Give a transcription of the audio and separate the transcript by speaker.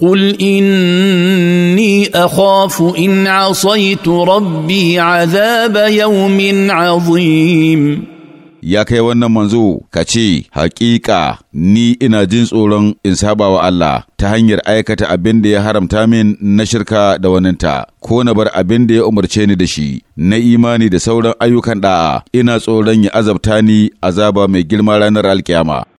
Speaker 1: قل اني اخاف ان عصيت ربي عذاب يوم عظيم
Speaker 2: ya kai wannan manzo ka ce Haƙiƙa, ni ina jin tsoron in saba wa Allah ta hanyar aikata abin da ya haramta min na shirka da waninta ko na bar abin da ya umarce ni da shi na imani da sauran ayyukan da'a ina tsoron ya azabta ni azaba mai girma
Speaker 3: ranar alkiyama